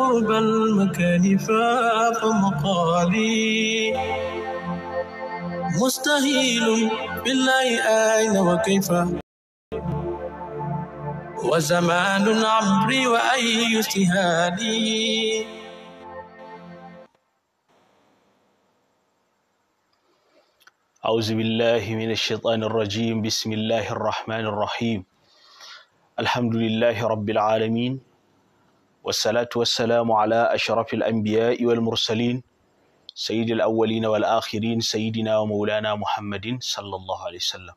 قرب المكان فاق مقالي مستهيل بالله أين وكيف وزمان عمري وأي استهالي أعوذ بالله من الشيطان الرجيم بسم الله الرحمن الرحيم الحمد لله رب العالمين والصلاة والسلام على أشرف الأنبياء والمرسلين سيد الأولين والآخرين سيدنا ومولانا محمد صلى الله عليه وسلم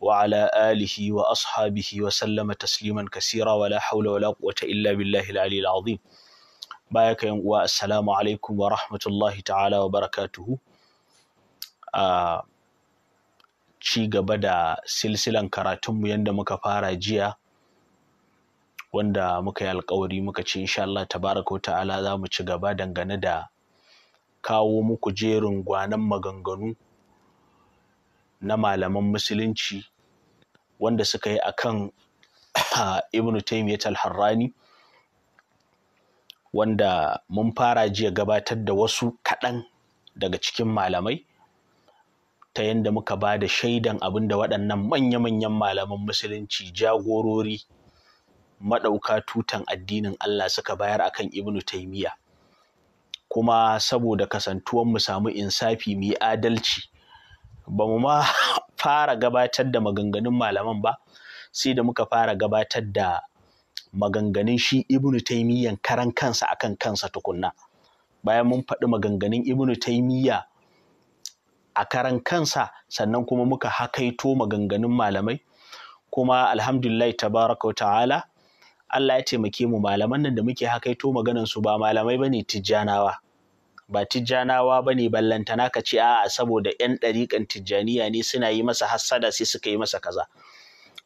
وعلى آله وأصحابه وسلم تسليما كثيرا ولا حول ولا قوة إلا بالله العلي العظيم بايك والسلام عليكم ورحمة الله تعالى وبركاته آه شي gaba da silsilan karatunmu yadda muka fara wanda muka yi alkawari muka ce insha Allah tabaraka wa ta'ala za mu ci gaba dangane da kawo muku jerin gwanan maganganu na malaman musulunci wanda suka yi akan ah, ibn Taymiyyah al-harrani wanda mun fara jiya gabatar da wasu kaɗan daga cikin malamai ta yadda muka ba da shaidan abin da waɗannan manya-manyan malaman musulunci jagorori maɗauka tutan addinin Allah suka bayar akan ibnu Taymiyyah kuma saboda kasantuwan mu samu insafi mu yi adalci ba mu ma fara gabatar da maganganun malaman ba sai da muka fara gabatar da maganganun shi ibnu Taymiyyah karan kansa akan kansa tukunna bayan mun faɗi maganganun ibnu Taymiyyah a karan kansa sannan kuma muka hakaito maganganun malamai kuma alhamdulillah tabaraka wa ta'ala Allah ya taimake mu malaman nan da muke hakaito maganan su ba malamai bane tijjanawa ba tijjanawa bane ballantana ka ce a'a saboda yan ɗariƙan tijjaniya ne suna yi masa hassada sai suka yi masa kaza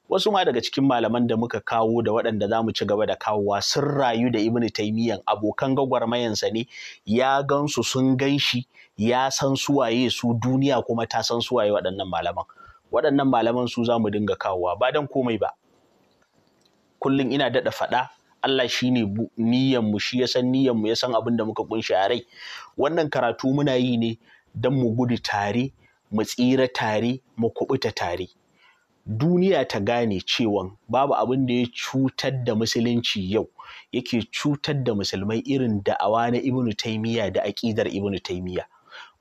wasu ma daga cikin malaman da muka kawo da waɗanda zamu mu ci gaba da kawowa sun rayu da ibnu taimiyan abokan gwagwarmayansa ne ya gansu sun ganshi ya san suwaye su duniya kuma ta san suwaye waɗannan malaman waɗannan malaman su zamu dinga kawowa ba dan komai ba kullum ina daɗa faɗa Allah shi ne mu shi ya san mu ya san abin da muka kunshi a rai wannan karatu muna yi ne don mu gudu tare mu tsira tare mu kubuta tare duniya ta gane cewan babu abin da ya cutar da musulunci yau yake cutar da musulmai irin da'awa na ibnu taimiyya da aƙidar ibnu taimiyya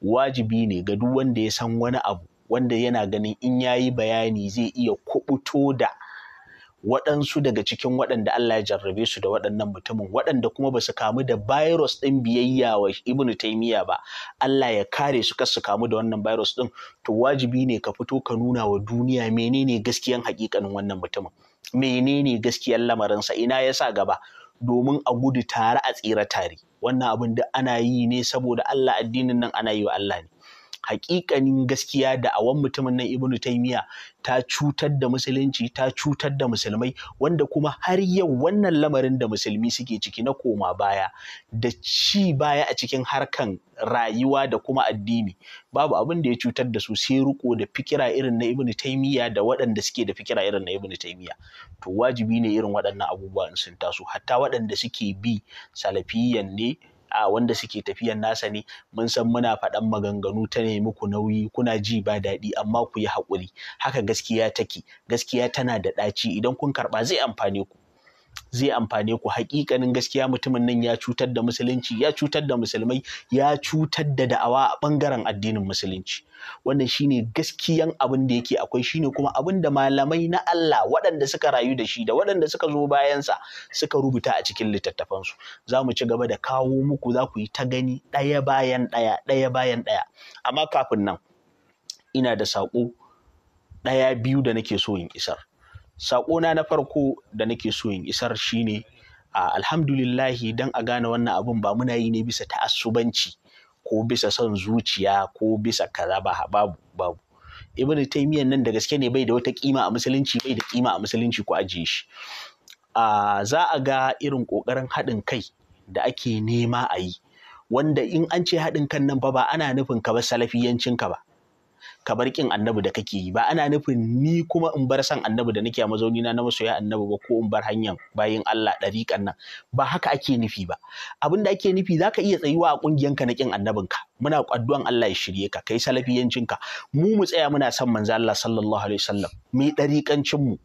wajibi ne ga duk wanda ya san wani abu wanda yana ganin in yayi bayani zai iya kubuto da waɗansu daga cikin waɗanda Allah ya jarrabe su da waɗannan mutumin waɗanda kuma ba su kamu da virus ɗin biyayya wa Ibn Taymiya ba Allah ya kare su kar su kamu da wannan virus ɗin to wajibi ne ka fito ka nuna wa duniya menene gaskiyan haƙiƙanin wannan mutumin menene gaskiyan lamarinsa ina ya sa gaba domin a gudu tare a tsira tare wannan abin da ana yi ne saboda Allah addinin nan ana yi wa Allah ne haƙiƙanin gaskiya da awan mutumin nan ibnu taimiya ta cutar da musulunci ta cutar da musulmai wanda kuma har yau wannan lamarin da musulmi suke ciki na koma baya da ci baya a cikin harkan rayuwa da kuma addini babu abin da ya cutar da su sai riko da fikira irin na ibnu taimiya da waɗanda suke da fikira irin na ibnu taimiya to wajibi ne irin waɗannan abubuwa sun taso hatta waɗanda suke bi salafiyan ne a wanda suke tafiyan nasa ne mun san muna faɗan maganganu ta ne muku nauyi kuna ji ba daɗi amma ku yi haƙuri haka gaskiya take gaskiya tana da ɗaci idan kun karɓa zai amfane ku zai amfane ku hakikanin gaskiya mutumin nan ya cutar da musulunci ya cutar da musulmai ya cutar da da'awa a bangaren addinin musulunci wannan shine gaskiyan abin da yake akwai shine kuma abin da malamai na Allah waɗanda suka rayu da shi da waɗanda suka zo bayansa suka rubuta a cikin littattafansu za mu ci gaba da kawo muku za ku yi ta gani ɗaya bayan ɗaya ɗaya bayan ɗaya amma kafin nan ina da saƙo ɗaya biyu da nake so in isar saƙona na farko da nake so in isar shine a alhamdulillahi don a gane wannan abin ba muna yi ne bisa ta'assubanci ko bisa son zuciya ko bisa kaza ba babu babu ibn taymiyyah nan da gaske ne bai da wata kima a musulunci bai da kima a musulunci ko ajiye shi a za a ga irin kokarin haɗin kai da ake nema a yi wanda in an ce haɗin kan nan ba ba ana nufin ka ba salafiyancin ka ba ka bar kin annabi da kake yi ba ana nufin ni kuma in bar san annabi da nake a mazaunina na masoya annabi ba ko in bar hanyar bayin Allah ɗariƙan nan ba haka ake nufi ba abin da ake nufi za ka iya tsayuwa a ka na kin annabinka muna kwaddu'an Allah ya shirye ka kai ka. mu mu tsaya muna son manzo Allah sallallahu alaihi wasallam mu yi ɗariƙancin mu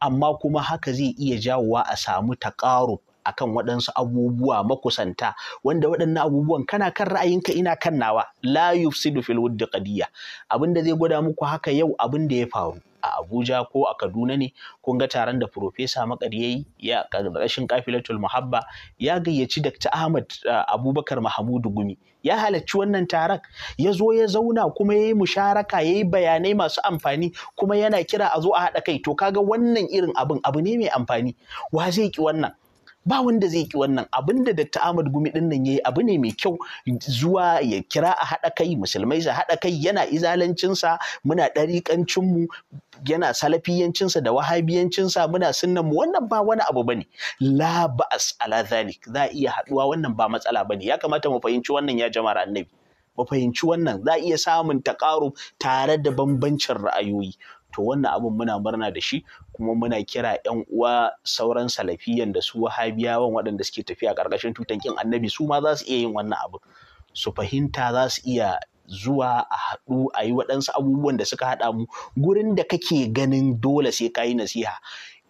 amma kuma haka zai iya jawowa a samu taƙarub akan waɗansu abubuwa makusanta wanda waɗannan abubuwan kana kan ra'ayinka ina kan nawa la yufsidu fil wuddi qadiyya abin da zai gwada muku haka yau abin da ya faru a Abuja ko a Kaduna ne kun ga taron da Profesa Makari yayi ya ƙarƙashin kafilatul muhabba ya gayyaci Dr. Ahmad eh, Abubakar Mahamudu Gumi ya halarci wannan taron ya zo ya zauna kuma ya yi musharaka ya yi bayanai masu amfani kuma yana kira a zo a haɗa kai to kaga wannan irin abin abu ne mai amfani wa zai ki wannan ba wanda zai ki wannan abin da Dr. Ahmad Gumi din nan yayi abu ne mai kyau zuwa ya kira a haɗa kai musulmai su haɗa kai yana izalancinsa muna ɗariƙancin mu yana salafiyancinsa da wahabiyancinsa muna sunnan mu wannan ba wani abu bane la ba'as ala zalik za iya haɗuwa wannan ba matsala bane ya kamata mu fahimci wannan ya jama'ar annabi mu fahimci wannan za iya samun taƙarub tare da bambancin ra'ayoyi to wannan abin muna murna da shi kuma muna kira yan uwa sauran salafiyan da su wahabiyawan waɗanda suke tafiya ƙarƙashin tutan kin annabi su ma za su iya yin wannan abu su fahimta za su iya zuwa a haɗu a yi waɗansu abubuwan da suka haɗa mu gurin da kake ganin dole sai ka yi nasiha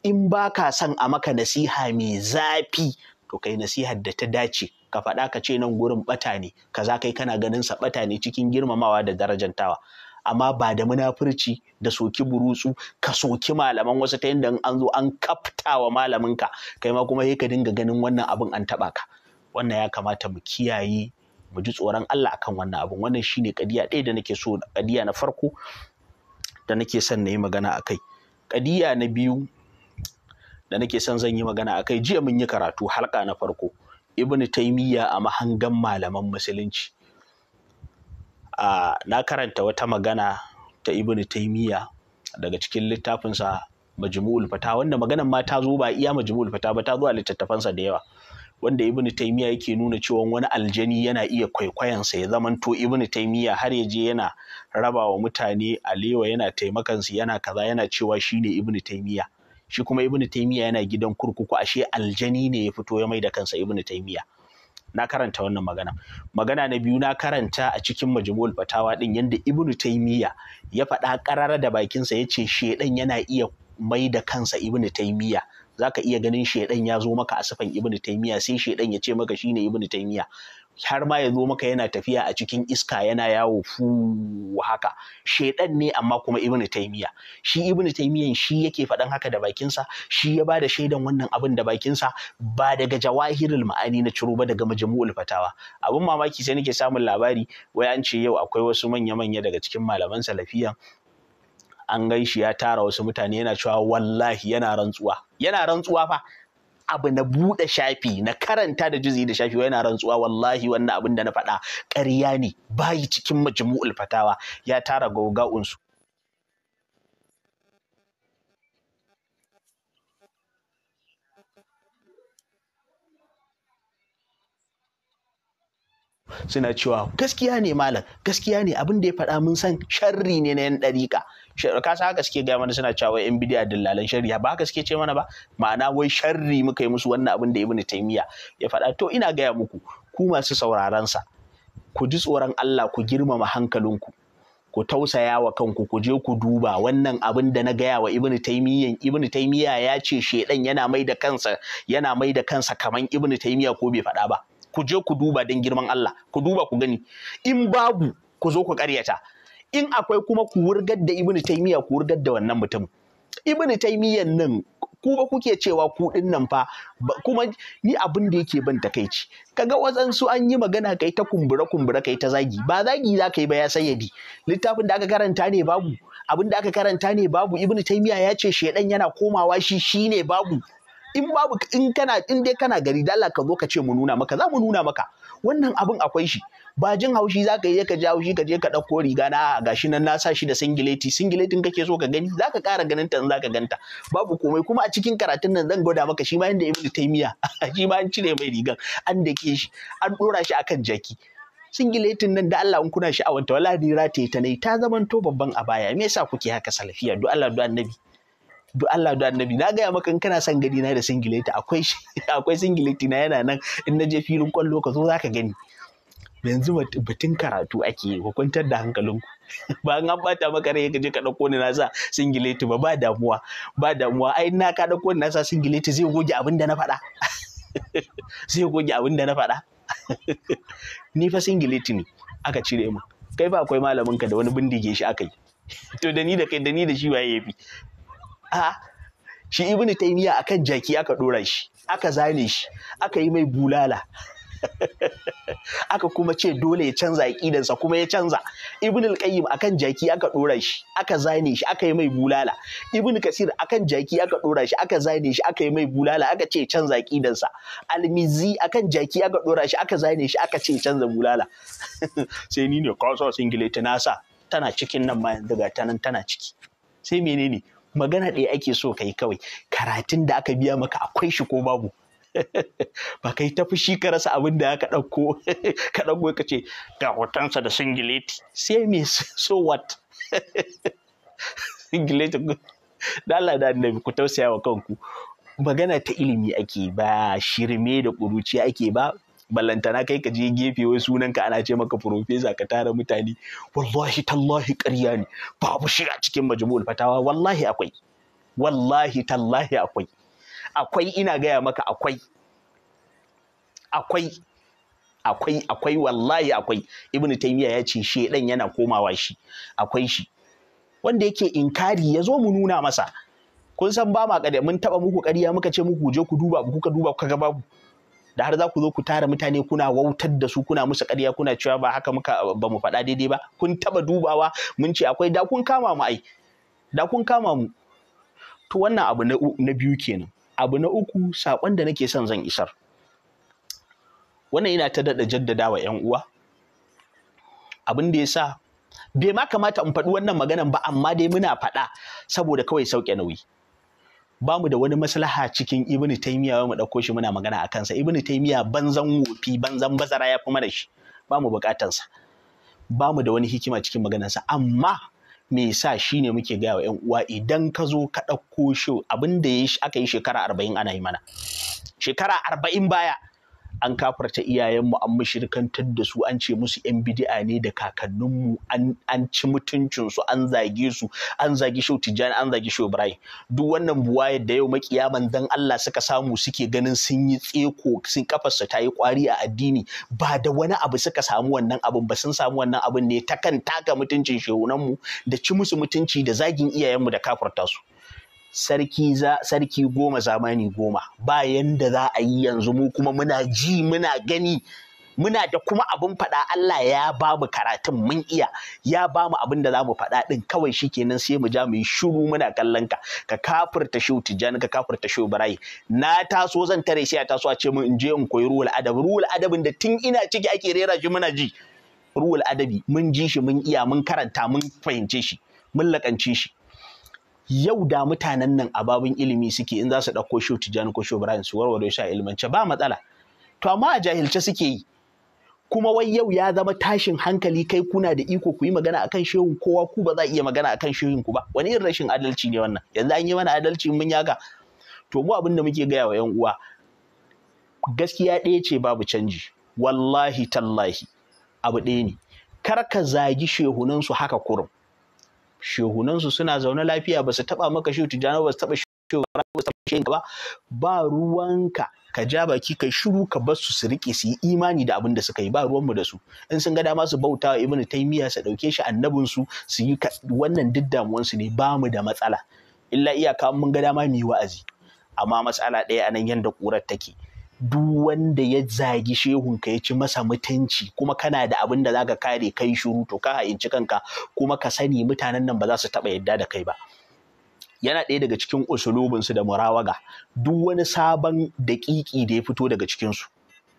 in ba ka son a maka nasiha mai zafi to kai nasihar da ta dace ka faɗa ka ce nan gurin ɓata ne kaza kai kana ganin sa ɓata ne cikin girmamawa da darajantawa amma ba da munafurci da soki burutsu ka soki malaman wasu ta yadda an zo an kaftawa malaminka kai ma kuma sai ka dinga ganin wannan abin an taba ka wannan ya kamata mu kiyaye mu ji tsoron Allah akan wannan abin wannan shine kadiya ɗaya da nake so kadiya na farko da nake son na yi magana a kai kadiya na biyu da nake son zan yi magana a kai jiya mun yi karatu halka na farko ibnu taimiyya a mahangan malaman musulunci a na karanta wata magana ta ibn taimiyya daga cikin littafinsa majmu'ul fata wanda maganar ma ta zo ba iya majmu'ul fata ba ta zo a littattafansa da yawa wanda ibn taimiyya yake nuna cewa wani aljani yana iya kwaikwayansa ya zamanto ibn taimiyya har ya je yana raba wa mutane alewa yana su yana kaza yana cewa shine ibn taimiyya shi kuma ibn taimiyya yana gidan kurkuku ashe aljani ne ya fito ya mai da kansa ibn taimiyya na karanta wannan magana magana na biyu na karanta a cikin majmu'ul fatawa din yanda ibnu taymiya ya faɗa karara da bakinsa ya ce shedan yana iya mai da kansa ibnu taymiya zaka iya ganin shedan ya zo maka a sifan ibnu taymiya sai shedan ya ce maka shine ibnu taymiya har ma ya zo maka yana tafiya a cikin iska yana yawo fu haka shaidan ne amma kuma ibnu taymiya shi ibnu taymiyan shi yake faɗan haka da bakinsa shi ya bada shaidan wannan abin da bakinsa ba daga jawahirul ma'ani na ciro ba daga majmu'ul fatawa abin mamaki sai nake samun labari wai an ce yau akwai wasu manya-manya daga cikin malaman salafiyan an gaishi ya tara wasu mutane yana cewa wallahi yana rantsuwa yana rantsuwa fa abu na buɗe shafi na karanta da juzi da shafi yana rantsuwa wallahi wannan abin da na faɗa ƙarya ne bayi cikin majmu'ul fatawa ya tara gauga'unsu suna cewa gaskiya ne malam gaskiya ne abin da ya faɗa mun san sharri ne na yan ɗariƙa ka san haka suke gaya mana suna cewa yan bidiya dillalan shari'a ba haka suke ce mana ba ma'ana wai sharri muka yi musu wannan abin da ibn taymiya ya faɗa to ina gaya muku ku masu sauraron sa ku ji tsoron Allah ku girmama hankalinku ku tausaya wa kanku ku je ku duba wannan abin da na gaya wa ibn taymiya ibnu taymiya ya ce shedan yana mai da kansa yana mai da kansa kaman ibn taymiya ko bai faɗa ba ku je ku duba don girman Allah ku duba ku gani in babu ku zo ku karyata in akwai kuma ku wurgar da ibnu taymiya ku wurgar da wannan mutum ibnu taymiyan nan ku ba kuke cewa ku din nan fa kuma ni abin da yake ban takeici kaga su an yi magana kai ta kumbura kumbura kai ta zagi ba zagi za ka yi ba ya sayyadi littafin da aka karanta ne babu abin da aka karanta ne babu ibnu taymiya ya ce shedan yana komawa shi shine babu in babu in kana in dai kana gari da Allah ka zo ka ce mu nuna maka za mu nuna maka wannan abin akwai shi ba jin haushi za ka je ka ji haushi ka je ka ɗauko riga na ga shi nan na sa shi da singileti singiletin kake so ka gani za ka ƙara ganin ta za ka ganta babu komai kuma a cikin karatun nan zan gwada maka shi ma yanda ibnu taymiya shi ma an cire mai rigan an dake shi an ɗora shi akan jaki singiletin nan da Allah in kuna sha'awanta wala ni rataye ta yi. ta zamanto babban a baya me yasa kuke haka salafiya do Allah do annabi do Allah do annabi na gaya maka in kana son gani na da singileti akwai akwai singileti na yana nan in na je filin kwallo ka zo zaka gani yanzu batun karatu ake yi kwantar da hankalinku ba an bata maka rai ka je ka dauko ni nasa singileti ba ba damuwa ba damuwa ai na ka dauko ni nasa singileti zai goge abin da na faɗa zai goge abin da na faɗa ni fa singileti ne aka cire mu kai ba akwai malamin ka da wani bindige shi aka yi to da ni da kai da ni da shi waye yafi a shi ibnu taymiya akan jaki aka dora shi aka zane shi aka yi mai bulala aka kuma ce dole ya canza aƙidansa kuma ya canza ibn al-qayyim akan jaki aka dora shi aka zane shi aka yi mai bulala ibn kasir akan jaki aka dora shi aka zane shi aka yi mai bulala aka ce canza aƙidansa almizi akan jaki aka dora shi aka zane shi aka ce canza bulala sai ni ne kawai singileti nasa tana cikin nan ma yanzu ga tanan tana ciki sai menene magana ɗaya ake so kai kawai karatun da aka biya maka akwai shi ko babu ba kai ta fushi ka rasa abin da ka ɗauko ka ɗauko ka ce ga hotonsa da singileti sai me so what singileti da Allah da annabi ku tausaya wa kanku magana ta ilimi ake ba shirme da ƙuruciya ake ba ballantana kai ka je gefe wai sunan ka ana ce maka profesa ka tara mutane wallahi tallahi ƙarya ne babu shiga cikin majmu'ul fatawa wallahi akwai wallahi tallahi akwai akwai ina gaya maka akwai akwai akwai akwai wallahi akwai ibn taymiya ya ce dan yana komawa shi akwai shi wanda yake inkari ya zo mu nuna masa kun san ba ma kada mun taba muku ƙarya muka ce muku je ku duba kuka duba kuka ga babu da har za ku zo ku tara mutane kuna wautar da su kuna musu ƙarya kuna cewa ba haka muka ba mu faɗa daidai ba kun taba dubawa mun ce akwai da kun kama mu ai da kun kama mu to wannan abu na biyu kenan abu na uku saƙon da nake son zan isar wannan yana ta daɗa jaddada wa 'yan uwa abin da ya sa bai ma kamata in faɗi wannan maganan ba amma dai muna faɗa saboda kawai sauke nauyi ba mu da wani maslaha cikin ibn taymiya mu ɗauko shi muna magana a kansa ibn taimiya banzan wofi banzan bazara ya fi mana shi ba mu buƙatansa ba mu da wani hikima cikin maganarsa amma me shi ne muke gaya wa yan uwa idan ka zo ka ɗauko shi abin da aka yi shekara arba'in ana yi mana shekara arba'in baya an kafarta iyayenmu an mashirkantar da su an ce musu yan bidi'a ne da kakanninmu an ci mutuncinsu an zage su an zage shau tijjani an zage shau ibrahim duk wannan buwa da yau makiya manzan Allah suka samu suke ganin sun yi tseko sun kafarsa ta yi kwari a addini ba da wani abu suka samu wannan abin ba sun samu wannan abin ne ta kan taka mutuncin shehunanmu da ci musu mutunci da zagin iyayenmu da kafarta su sarki za sarki goma zamani goma ba yanda za a yi yanzu mu kuma muna ji muna gani muna da kuma abin faɗa Allah ya ba mu karatun mun iya ya ba mu abin da za mu faɗa ɗin kawai shi kenan sai mu ja mu yi shuru muna kallon ka ka kafirta shi tijjani ka kafirta shi barayi na taso zan tare sai ya taso a ce mu in je in koyi ruwal adabi. Ruwal adabin da tun ina ciki ake rera shi muna ji ruhul adabi mun ji shi mun iya mun karanta mun fahimce shi mun lakance shi yau da mutanen nan a babin ilimi suke in za su ɗauko shi tijjani ko shi Ibrahim su warware shi a ilimance ba matsala to amma a jahilce suke yi kuma wai yau ya zama tashin hankali kai kuna da iko ku yi magana akan shehun kowa ku ba za a iya magana akan shehun ku ba wani irin rashin adalci ne wannan yanzu an yi mana adalci mun yaga to mu abin da muke gaya wa 'yan uwa gaskiya ɗaya ce babu canji wallahi tallahi abu ɗaya ne kar ka zagi shehunansu haka kurum shehunansu suna zaune lafiya ba su taɓa maka shi tijjani ba su taɓa shehu ba su taɓa shi ba ba ruwanka ka ja baki kai shiru ka bar su su rike su yi imani da abin da suka yi ba ruwanmu da su in sun ga dama su bauta wa ibnu taymiya su dauke shi annabin su su yi wannan duk su ne ba mu da matsala illa iyaka mun ga dama mu yi wa'azi amma matsala ɗaya anan yanda ƙurar take duk wanda ya zagi shehun ka ya ci masa mutunci kuma kana da abin da zaka kare kai shiru to ka ha'inci kanka kuma ka sani mutanen nan ba za su taɓa yadda da kai ba yana ɗaya daga cikin su da murawaga duk wani sabon daƙiƙi da ya fito daga cikinsu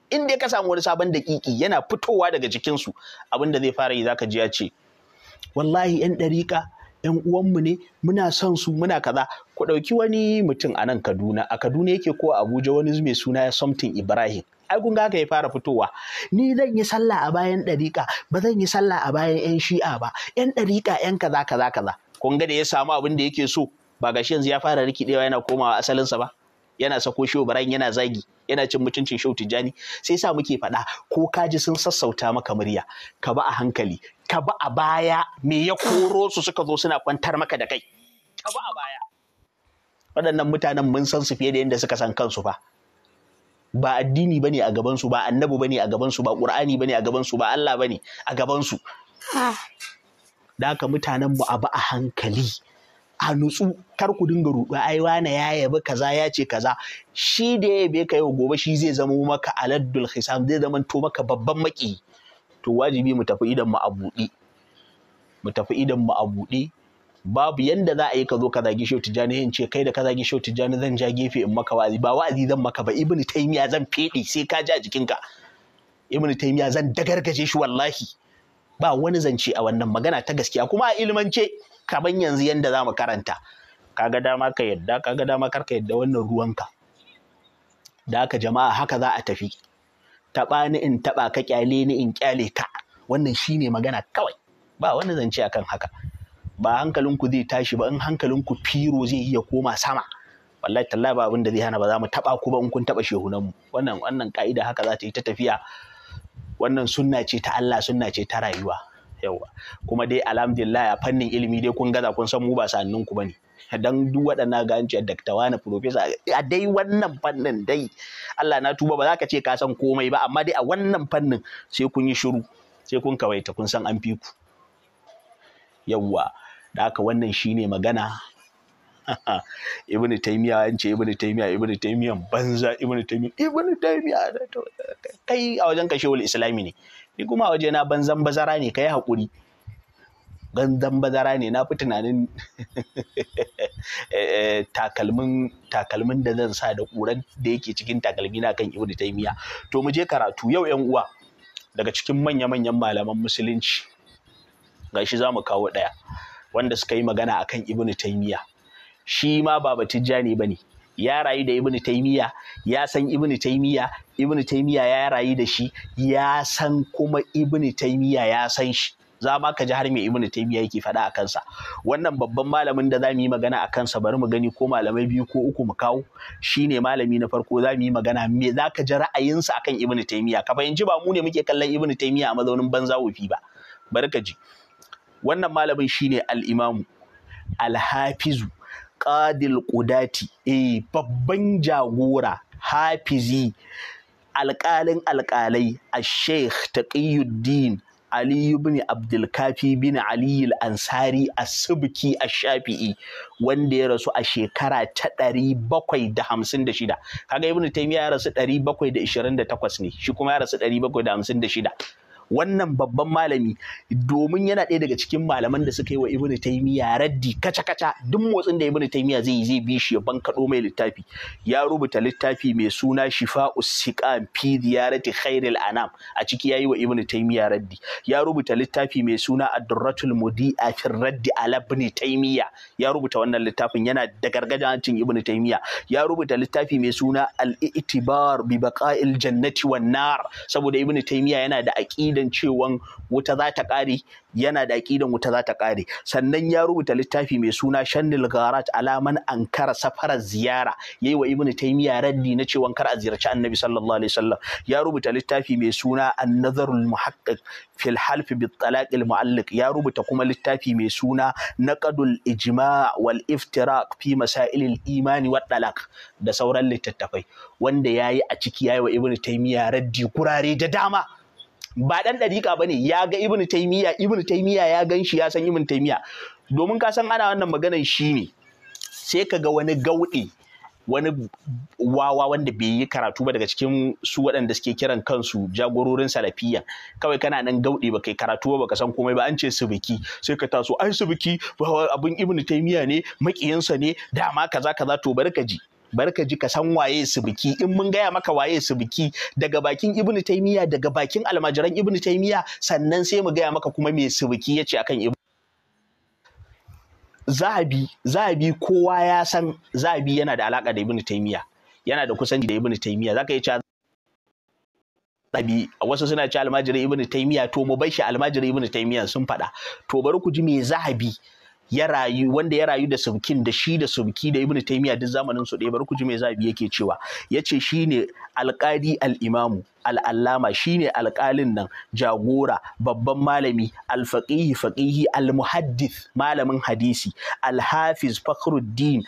in dai ka samu wani sabon daƙiƙi yana fitowa daga cikinsu abin da zai fara yi zaka ji ya ce wallahi yan ɗariƙa 'yan uwanmu ne muna son su muna kaza ku ɗauki wani mutum a nan Kaduna a Kaduna yake ko Abuja wani mai suna ya something Ibrahim ai kun ga ya fara fitowa ni zan yi sallah a bayan ɗariƙa ba zan yi sallah a bayan 'yan shi'a ba 'yan ɗariƙa 'yan kaza kaza kaza kun ga da ya samu abin da yake so ba gashi yanzu ya fara rikidewa yana komawa asalinsa ba yana sako shi Ibrahim yana zagi yana cin mutuncin shehu Tijjani sai sa muke faɗa ko kaji sun sassauta maka murya ka ba a hankali ka bi a baya me ya koro su suka zo suna kwantar maka da kai ka bi a baya waɗannan mutanen mun san su fiye da yadda suka san kansu fa ba addini bane a gaban su ba annabi bane a gaban su ba qur'ani bane a gaban su ba Allah bane a gaban su ah. da haka mutanen mu a bi a hankali a nutsu kar ku dinga ruɗu ai wane ya yabi kaza ya ce kaza shi da ya yabe ka yau gobe shi zai zama maka aladdul hisam zai zama to maka babban maki to wajibi mu tafi idan mu a buɗe mu tafi idan mu a buɗe babu yanda za a yi ka zo ka zagi shehu in ce kai da ka zagi shehu zan ja gefe in maka wa'azi ba wa'azi zan maka ba ibnu taymiya zan fedi sai ka ji a jikinka ibnu taymiya zan dagargaje shi wallahi ba wani zance a wannan magana ta gaskiya kuma a ilmance kaman yanzu yanda za mu karanta kaga dama ka yadda kaga dama kar ka yadda wannan ruwanka da haka jama'a haka za a tafi taɓa ni in taɓa ka ƙyale ni in ƙyale ka wannan ne magana kawai ba wani zance akan haka ba hankalinku zai tashi ba in hankalinku firo zai iya koma sama wallahi talla ba abin zai hana ba za mu taɓa ku ba in kun taɓa shehunanmu wannan wannan ka'ida haka za ta yi ta tafiya wannan sunna ce ta Allah sunna ce ta rayuwa yawa kuma dai alhamdulillah a fannin ilimi dai kun gaza kun san mu ba sa'annin ku bane dan duk waɗannan ganci an ce daktawa na profesa a dai wannan fannin dai Allah na tuba ba za ka ce ka san komai ba amma dai a wannan fannin sai kun yi shiru sai kun kawaita kun san an fi ku yawwa da haka wannan shine magana ibn taymiya an ce ibn taymiya ibn taymiya banza ibn taymiya ibn taymiya kai a wajen kashe wal islami ne ni kuma a waje na banzan bazara ne kai hakuri ganzan bazara ne na fi tunanin eh, eh, takalmin da zan sa da ƙuran da yake cikin takalmi na kan yi miya. to mu je karatu yau yan uwa daga cikin manya-manyan malaman musulunci gashi za mu kawo ɗaya wanda suka yi magana akan ibnu taimiya shi ma ba batijjani ba ne ya rayu da ibnu miya, ya san ibnu taimiya ibnu taimiya ya rayu da shi ya san kuma ibnu taimiya ya san shi za ma ka ji har mai ibnu taymiya yake faɗa a kansa wannan babban malamin da za mu yi magana a kansa bari mu gani ko malamai biyu ko uku mu kawo shine malami na farko za mu yi magana me za ka ji ra'ayinsa akan ibnu taymiya ka fahimci ba mu ne muke kallon ibnu taymiya a mazaunin banza wofi ba bari ka ji wannan malamin shine al-imamu al-hafizu qadil qudati eh babban jagora hafizi alƙalin alƙalai a sheikh taqiyuddin Ali ibn Abdulkafi bin Ali al-Ansari as-Subki a shafii wanda ya rasu a shekara ta 756 kaga Ibn Taymiyyah ya rasu 728 ne shi kuma ya rasu 756 wannan babban malami domin yana ɗaya daga cikin malaman da suka yi wa ibnu taymiya raddi kaca kaca duk motsin da ibnu taymiya zai yi zai bi shi ya kaɗo mai littafi ya rubuta littafi mai suna Shifa'u siqam fi ziyarati khairil anam a ciki yayi wa ibnu taymiya raddi ya rubuta littafi mai suna adratul durratul mudi'a fi raddi ala ibnu taymiya ya rubuta wannan littafin yana da gargajancin ibnu taymiya ya rubuta littafi mai suna al-i'tibar bi baqa'il jannati wan nar saboda ibnu taymiya yana da aqida aƙidan cewan wuta za ta ƙare yana da aƙidan wuta za ta ƙare sannan ya rubuta littafi mai suna shannil garat alaman ankara safarar ziyara yayi wa ibnu taymiya raddi na cewa kar a ziyarci annabi sallallahu alaihi wasallam ya rubuta littafi mai suna annazarul nazarul muhaqqiq fil half bit talaq mu'allik ya rubuta kuma littafi mai suna naqadul ijma' wal iftiraq fi masail imani wat talaq da sauran littattafai wanda yayi a ciki yayi wa ibnu taymiya raddi kurare da dama ba dan dariƙa bane ya ga ibnu taymiya ibnu taymiya ya gan shi ya san ibn taymiya domin ka san ana wannan maganar shi ne sai ka ga wani gauɗe wani wawa wanda bai yi karatu ba daga cikin su waɗanda suke kiran kansu jagororin salafiyya kawai kana nan gauɗe ba kai karatu ba baka san komai ba an ce subiki sai ka taso ai subiki abin ibnu taymiya ne makiyansa ne dama kaza kaza to bari ka ji bari ka ji ka san waye su biki in mun gaya maka waye su biki daga bakin ibnu taymiya daga bakin almajiran ibnu taymiya sannan sai mu gaya maka kuma me biki yace akan ibnu zahabi zahabi kowa ya san zahabi yana da alaka da ibnu taymiya yana da kusanci da ibnu taymiya zaka yi cewa ɗabi wasu suna ce almajiri ibnu taymiya to mu bar shi almajiri ibnu taymiya sun faɗa to bari ku ji me zahabi ya rayu wanda ya rayu da subkin da shi da subki da ibnu taymiya duk zamanin su ɗaya bar ku ji mai zabi yake cewa yace shine alqadi al-imamu al'allama shine alƙalin nan jagora babban malami alfaƙihi faƙihi almuhaddith malamin hadisi alhafiz fakhruddin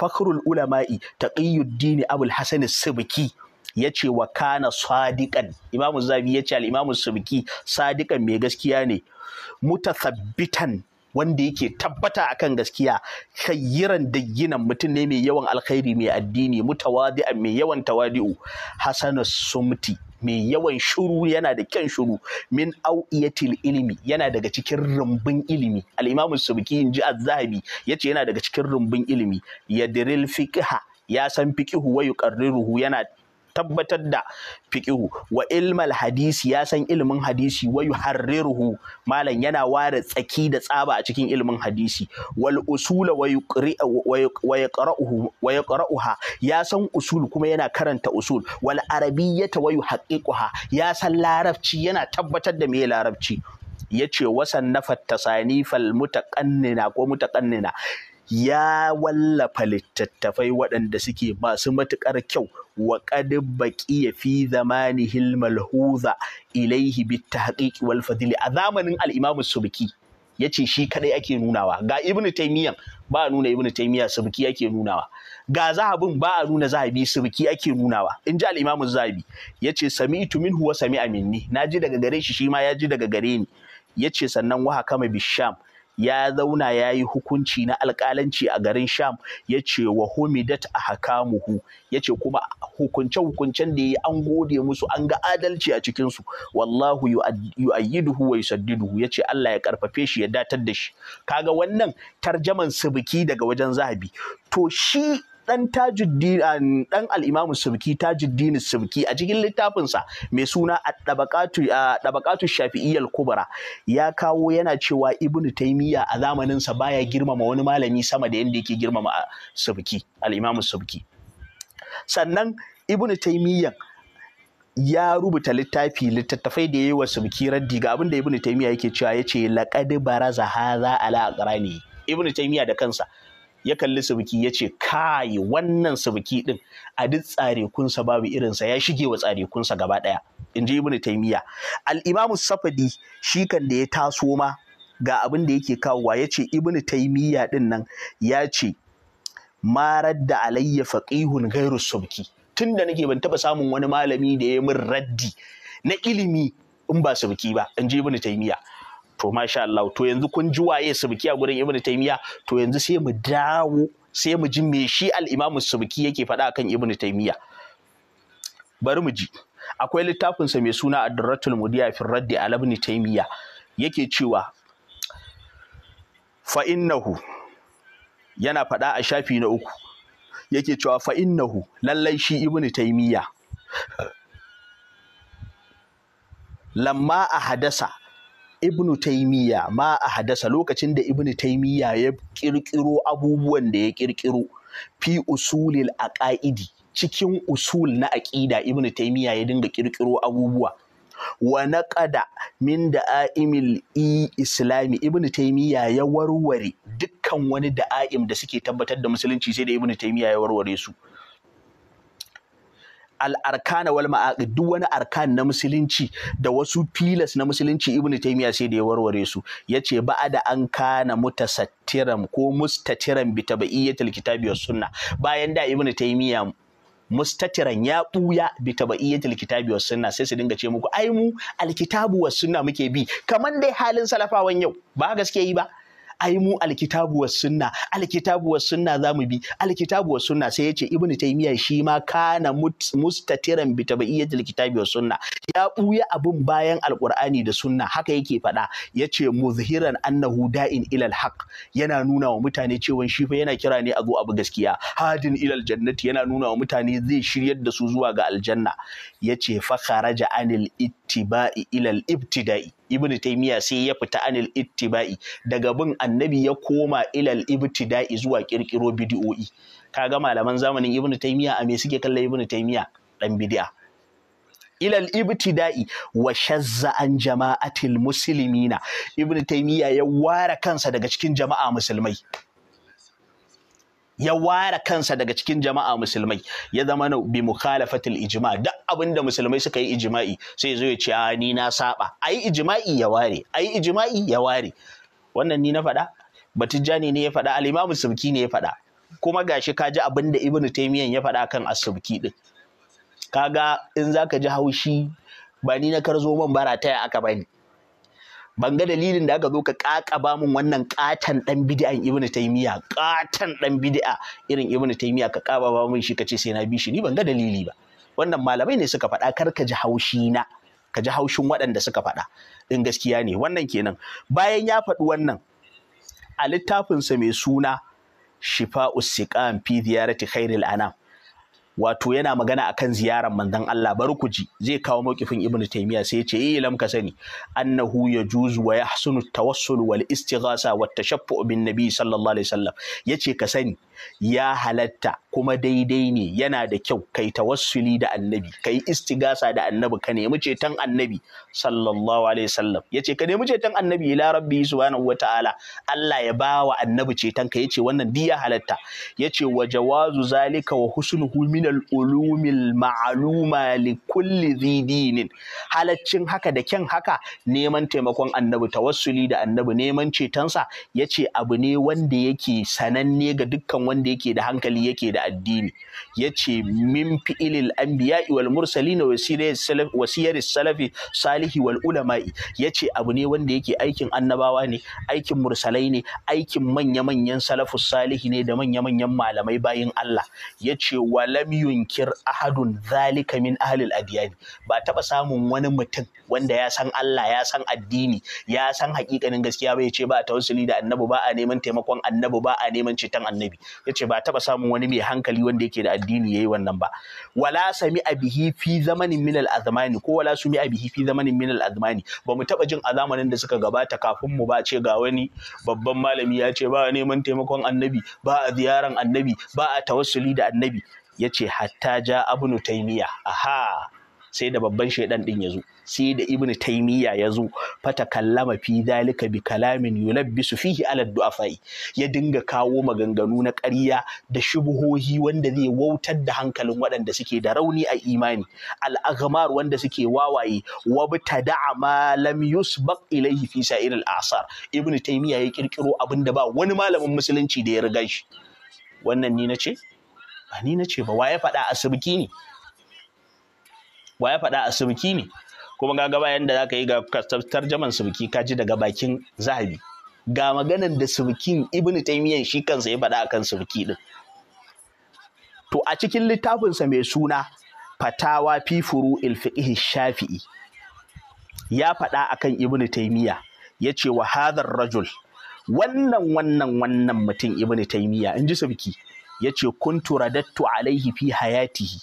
fakhrul ulama'i taqiyuddin abul hasan sibki ya ce wa kana sadiqan imamu zabi ya ce al-imamu sadiqan mai gaskiya ne mutathabbitan wanda yake tabbata akan gaskiya khayyiran dayyinan mutum ne mai yawan alkhairi mai addini mutawadi'an mai yawan tawadi'u hasanus sumti mai yawan shuru yana da kyan shuru min au'iyatil ilimi yana daga cikin rumbun ilimi al-imamu subki inji az-zahabi ce yana daga cikin rumbun ilimi yadril fiqha ya san fiqihu wa yuqarriruhu yana tabbatar da fiƙihu wa ilmal hadisi ya san ilimin hadisi wa yuharriruhu malam yana ware tsaki da tsaba a cikin ilimin hadisi wal usula wa yaqra'uha ya san usul kuma yana karanta usul wal arabiyyata wa yuhaqqiquha ya san larabci yana tabbatar da mai larabci yace wasan nafat tasanifal mutaqannina ko mutaqannina ya wallafa littattafai waɗanda suke masu matuƙar kyau wa baƙi ya fi zamanihi huza ilaihi bi bit haƙiƙi wal fadili a zamanin al'imamu imam ya ce shi kaɗai ake nunawa ga ibnu taymiyan ba a nuna ibnu taymiya subki ake nunawa ga zahabin ba a nuna zahabi subki ake nunawa in ji al zahabi, ya yace sami'tu minhu wa sami'a minni ji daga gare shi shi ma ya ji daga gare ni Ya ce sannan wa kama bisham ya zauna ya yi hukunci na alƙalanci a garin sham ya ce wa humidat a hakamuhu ya ce kuma hukunce-hukuncen da ya an gode musu an ga adalci a cikinsu wallahu yu'ayyiduhu wa yusaddiduhu ya ce Allah ya karfafe shi ya datar da shi kaga wannan tarjaman subiki daga wajen zahabi to shi dan tajuddin ah, dan al-Imam Subki tajuddin Subki a cikin littafinsa mai suna ad-dabaqatu ah, shafi'iyyal kubra ya kawo yana cewa Ibn Taymiya a zamanin sa baya girmama wani malami sama da yanda yake girmama ah, Subki al-Imam Subki sannan Ibn Taymiyyah ya rubuta littafi littattafai da yayi wa subki raddi ga abin da ibnu taymiya yake cewa yace laqad baraza hadha ala aqrani ibnu taymiya da kansa ya kalli subuki ya ce kai wannan subuki din a duk tsarikunsa babu irinsa ya shige wa tsarikunsa gaba ɗaya in ji ibnu taimiya al-imamu safadi shi kan da ya taso ma ga abin da yake kawowa ya ce ibnu taymiya din nan ya ce marar da alayya faqihun ghairu subki tun nake ban taɓa samun wani malami da ya min raddi na ilimi in ba subki ba in ji ibnu taimiya to masha Allah to yanzu kun ji waye subki a gurin Ibn taymiya to yanzu sai mu dawo sai mu ji me shi al imam subki yake faɗa akan ibn taymiya bari mu ji akwai sa mai suna ad durratul mudiya fi raddi al-Ibn taymiya yake cewa fa innahu yana faɗa a shafi na uku yake cewa fa innahu lallai shi Ibn taymiya lamma a hadasa ibnu taimiyya ma a hadasa lokacin da ibnu taimiyya ya kirkiro abubuwan da ya kirkiro fi usulil aqaidi cikin usul na aƙida, ibnu taimiyya ya dinga kirkiro abubuwa wa naqada min da'aimil islami ibnu taimiyya ya warware dukkan wani da'aim da suke tabbatar da musulunci sai da ibn taimiyya ya warware su al'arkana wal ma’aƙi duk wani arkan na musulunci da wasu filas na musulunci Ibn taimiya sai da ya warware su Ya ce ba a da an kana mutasattiran ko mustatiran bi tabaiyatil kitabi was sunna bayan da Ibn taimiya mustatiran ya buya bi tabaiyatil kitabi was sunna sai su dinga ce muku ai mu alkitabu was sunna muke bi kamar dai halin salafawan yau ba gaske yi ba ai mu alkitabu was sunna alkitabu was sunna zamu bi alkitabu was sunna sai yace ibnu taymiya shi ma kana mustatiran bi tabi'iyatil kitabi was sunna ya buya abun bayan alqur'ani da sunna haka yake faɗa yace muzhiran annahu da'in ilal alhaq yana nuna wa mutane cewa shi fa yana kira ne a zo abu gaskiya hadin ilal jannati yana nuna wa mutane zai shiryar da su zuwa ga aljanna yace fa kharaja anil ittiba'i ilal ibtida'i ibnu taymiya sai ya fita anil ittiba'i daga bin annabi ya koma ilal ibtida'i zuwa kirkiro bid'o'i kaga malaman zamanin ibnu taymiya a me suke kalla ibnu taymiya dan bid'a ilal ibtida'i wa shazza an jama'atil muslimina ibnu taymiya ya ware kansa daga cikin jama'a musulmai ya ware kansa daga cikin jama'a musulmai ya zama na bi mukhalafatil ijma duk abinda musulmai suka yi ijma'i sai zo ya ce a ah, ni na saba ai ijma'i ya ware ai ijma'i ya ware wannan ni na faɗa batijjani ne ya faɗa al-imamu subki ne ya faɗa kuma gashi ka ji abin da ibnu taymiyan ya faɗa kan as-subki din kaga in zaka ji haushi ba ni na karzo man bara taya aka bani ban ga dalilin da aka zo ka ba min wannan katan ɗan bidi'a, ibnu taymiya katan ɗan bidi'a, irin ibnu taymiya ka ba min shi kace sai na bi shi ni ban ga dalili ba wannan malamai ne suka faɗa kar ka ji haushi na ka ji haushin waɗanda suka faɗa din gaskiya ne wannan kenan bayan ya faɗi wannan a littafinsa mai suna shifa'us siqam fi ziyarati khairil anam wato yana magana akan ziyarar manzon Allah bari ku ji zai kawo mawqifin ibnu taymiya sai ya ce eh lam ka sani annahu yajuzu wa yahsunu tawassul wal istighasa wat tashaffu bin nabi sallallahu alaihi wasallam yace ka sani ya halatta kuma daidai ne yana da kyau kai tawassuli da annabi kai istigasa da annabi ka nemi ceton annabi sallallahu alaihi wasallam yace ka nemi ceton annabi ila rabbi subhanahu wataala Allah ya bawa annabi ceton ka yace wannan diya halatta yace wa jawazu zalika wa husnuhu min al’ulumin ulumil ma'luma li kulli halaccin haka da kyan haka neman taimakon annabi tawassuli da annabi neman cetonsa ya ce abu ne wanda yake sananne ga dukkan wanda yake da hankali yake da addini Ya ce min fi'ilil iwal mursali na wasiyar salafi salihi wal ulama'i ce abu ne wanda yake aikin annabawa ne aikin mursalai ne aikin manya-manyan salafus salihi ne da manya-manyan malamai bayin Allah yace walam taɓi yunkir ahadun zalika min ahalil adiyani ba taɓa samun wani mutum wanda ya san Allah ya san addini ya san hakikanin gaskiya ba ce ba a tawassuli da annabi ba a neman taimakon annabi ba a neman ceton annabi Ya ce ba taɓa samun wani mai hankali wanda yake da addini ya yi wannan ba wala sami abihi fi zamanin min azmani ko wala sumi abihi fi zamanin min azmani ba mu taɓa jin a zamanin da suka gabata kafin mu ba ce ga wani babban malami ya ce ba a neman taimakon annabi ba a ziyaran annabi ba a tawassuli da annabi ya ce hatta ja abnu taimiya aha sai da babban shaidan din ya zo sai da ibnu taimiya ya zo fata kallama fi dalika bi kalamin yulabbisu fihi ala du'afai ya dinga kawo maganganu na ƙarya da shubuhohi wanda zai wautar da hankalin waɗanda suke da rauni a imani al'aghamar wanda suke wawaye wa Malam ma lam yusbaq ilayhi fi sa'ir al-asar ibnu taimiya ya kirkiro abinda ba wani malamin musulunci da ya riga shi wannan ni na ce ba ni na ce ba wa ya faɗa asibiti ne wa ya faɗa asibiti ne kuma ga bayan da zaka yi ga jaman subki ka ji daga bakin zahabi ga maganar da subkin ibnu taymiyan shi kansa ya faɗa akan subki din to a cikin littafinsa mai suna fatawa fi furu'il fiqh shafi'i ya faɗa akan ibnu taymiya yace wa hadhar rajul wannan wannan wannan mutum ibnu taymiya in ji subki Ya yace kuntu radattu alaihi fi hayatihi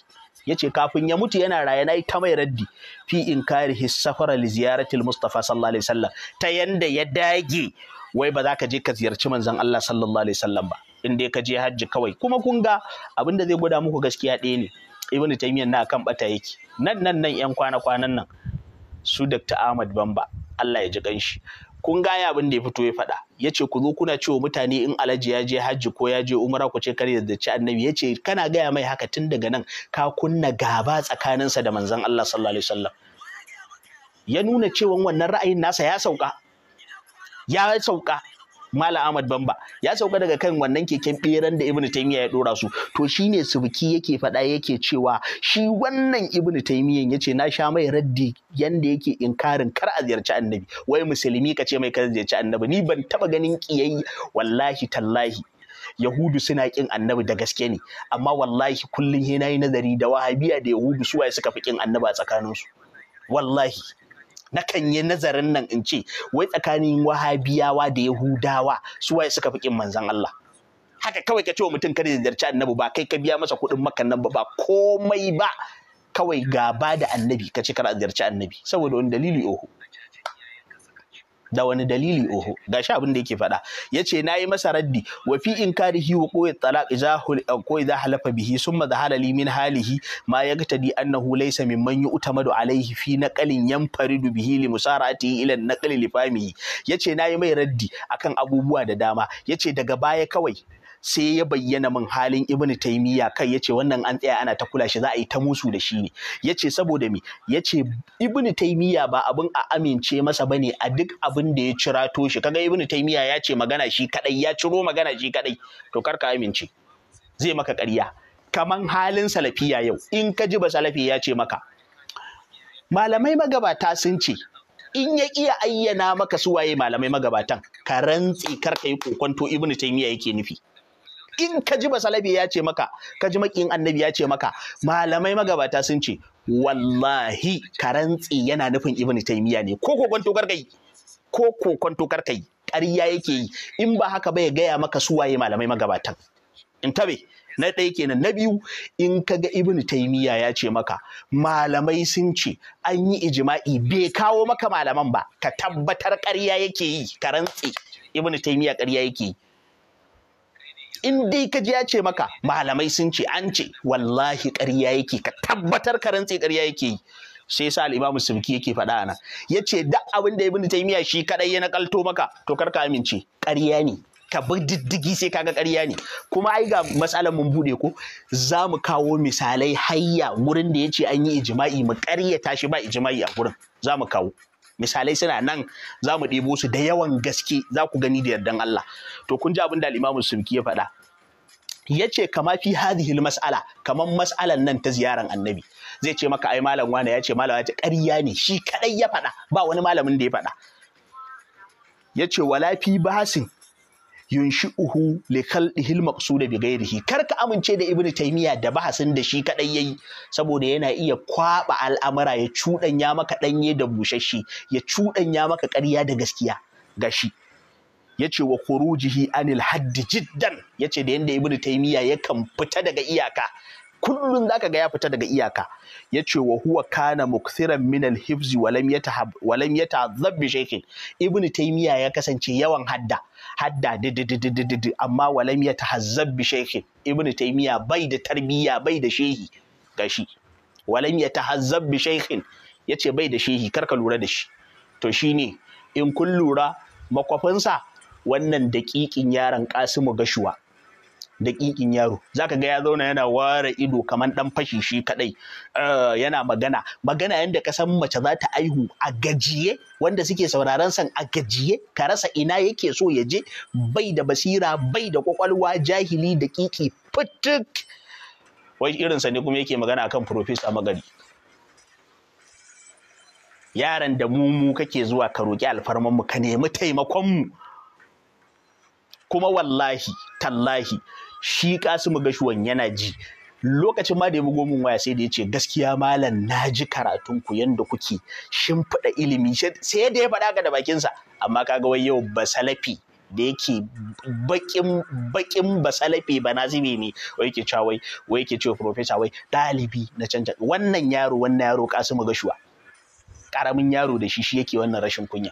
Ya ce kafin ya mutu yana raye na ta mai raddi fi in kare safara li ziyarati mustafa sallallahu alaihi sallam, ta yanda ya dage wai ba za ka je ka ziyarci manzon Allah sallallahu alaihi sallam ba in dai ka je hajji kawai kuma kun ga abin da zai gwada muku gaskiya ɗaya ne ibnu taymiyyah na kan bata yake nan nan nan yan kwana kwanan nan su dr ahmad bamba Allah ya ji ganshi kun gaya abin da ya fito ya faɗa ya ce ku zo kuna cewa mutane in alhaji ya je hajji ko ya je umara ku ce kar da ci annabi ya ce kana gaya mai haka tun daga nan ka kunna gaba tsakaninsa da manzon Allah sallallahu alaihi wasallam ya nuna cewa wannan ra'ayin nasa ya sauka ya sauka Malam Ahmad Bamba ya sauka daga kan wannan keken ɓeran da Ibn Taymiyyah ya ɗora su to shine Subki yake faɗa yake cewa shi wannan Ibn Taymiyyah yace na sha mai raddi yanda yake inkarin kar a ziyarci Annabi wai musulmi ka ce mai kar ziyarci Annabi ni ban taba ganin kiyayi wallahi tallahi Yahudu suna kin annabi da gaske ne amma wallahi kullum he nayi nazari da wahabiya da Yahudu suwaye suka fi kin annabi a tsakaninsu wallahi Nakan yi nazarin nan in ce wai tsakanin wahabiyawa da yahudawa su waye suka fi kin manzon Allah haka kawai ka ce wa mutum kada zarci annabi ba kai ka biya masa kuɗin makan nan ba ba komai ba kawai gaba da annabi ka ce kada zarci annabi saboda wani dalili oho da wani dalili oho gashi abin da yake faɗa Ya ce na yi masa raddi wa fi karihi wa qawi talaq idza uh, halafa bihi summa zahara li min halihi ma ya ga hulai annahu manyu uta madu alaihi fi naqalin yanfaridu bihi li ilan ila naqli Ya ce na yi mai raddi akan abubuwa da dama Ya ce daga baya kawai sai ya bayyana min halin ibnu taymiya kai yace wannan an tsaya ana ta kula shi za a yi ta musu da shi ne yace saboda me yace ibnu taymiya ba abin a amince masa bane a duk abin da ya cirato shi kaga ibnu taymiya ya ce magana shi kadai ya ciro magana shi kadai to karka amince zai maka ƙarya kaman halin salafiya yau in ka ji ba salafi ya ce maka malamai magabata sun ce in ya iya ayyana maka su waye malamai magabatan ka rantsi kar ka yi kokonto ibnu taymiya yake nufi in ka ji basalabi ya ce maka ka ji makin annabi ya ce maka malamai magabata sun ce wallahi karantsi yana nufin ibn taymiya ne ko tokar kai ko tokar kai ƙarya yake yi in ba haka ba ya gaya maka suwaye malamai magabatan in tabe na ɗaya kenan na biyu in ka ga ibn taymiya ya ce maka malamai sun ce an yi ijima'i bai kawo maka malaman ba ka tabbatar ƙarya yake yi karantsi ibn taymiya ƙarya yake yi in dai ka ji ya ce maka malamai sun ce an ce wallahi ƙarya yake ka tabbatar ka rantse ƙarya yake yi sai sa al'imamu imam Subki yake faɗa ana yace duk abin da Ibn taimiya shi kaɗai ya nakalto maka to kar ka amince ƙarya ne ka bi diddigi sai ga ƙarya ne kuma ai ga matsalar mun buɗe ko za mu kawo misalai hayya wurin da ya ce an yi ijima'i mu ƙaryata shi ba ijima'i a gurin za mu kawo misalai suna nan za mu ɗebo su da yawan gaske za ku gani da yardan Allah to kun ji abin da al'imamu suki ya faɗa ya ce kama fi hadhihi mas'ala kaman mas'alan nan ta ziyaran annabi zai ce maka ai malam wane ya ce malam ya ce ƙarya ne shi kaɗai ya faɗa ba wani malamin da ya faɗa ya ce wala fi basin uhu li khalqihi al-maqsud bi ghayrihi kar ka amince da ibnu taymiya da bahasin da shi kadai yayi saboda yana iya kwaba al'amara ya cudanya maka danye da bushashi ya cudanya maka ƙarya da gaskiya gashi yace wa khurujihi anil hadd jiddan yace da yanda ibnu taymiya kan fita daga iyaka kullun zaka ga ya fita daga iyaka ya ce wa huwa kana muksiran min hifzi walam yatahab walam shekin? ibn taymiya ya kasance yawan hadda hadda didididididi amma walam yatahazzab bi shaykhin ibn taymiya bai da tarbiyya bai da shehi gashi walam yatahazzab bi shaykhin yace bai da shehi karka lura da shi to shine in kun lura makwafinsa wannan daƙiƙin yaron Kasimu Gashuwa Da ƙiƙin yaro zaka ga ya zauna yana ware ido kamar ɗan fashi shi kaɗai eh, yana magana magana yadda ka san mace za ta aihu a gajiye wanda suke sauraron san a gajiye ka rasa ina yake so ya je bai da basira bai da kwakwalwa jahili da ƙiƙi fituk wai irin sa ne kuma yake magana akan professor Magari. Yaran da mu mu kake zuwa ka roƙi mu, ka nemi taimakon mu. Kuma wallahi, tallahi, shi Kasimu Gashuwan yana ji lokacin ma da ya bugo min waya sai da ya ce gaskiya malam na ji karatun ku yanda kuke shimfiɗa ilimi sai da ya faɗa ga da bakinsa amma kaga wai yau basalafi da yake bakin bakin basalafi ba nazimi ne wai yake cewa wai wai yake cewa professor wai dalibi na canja wannan yaro wannan yaro Kasimu shuwa karamin yaro da shi shi yake wannan rashin kunya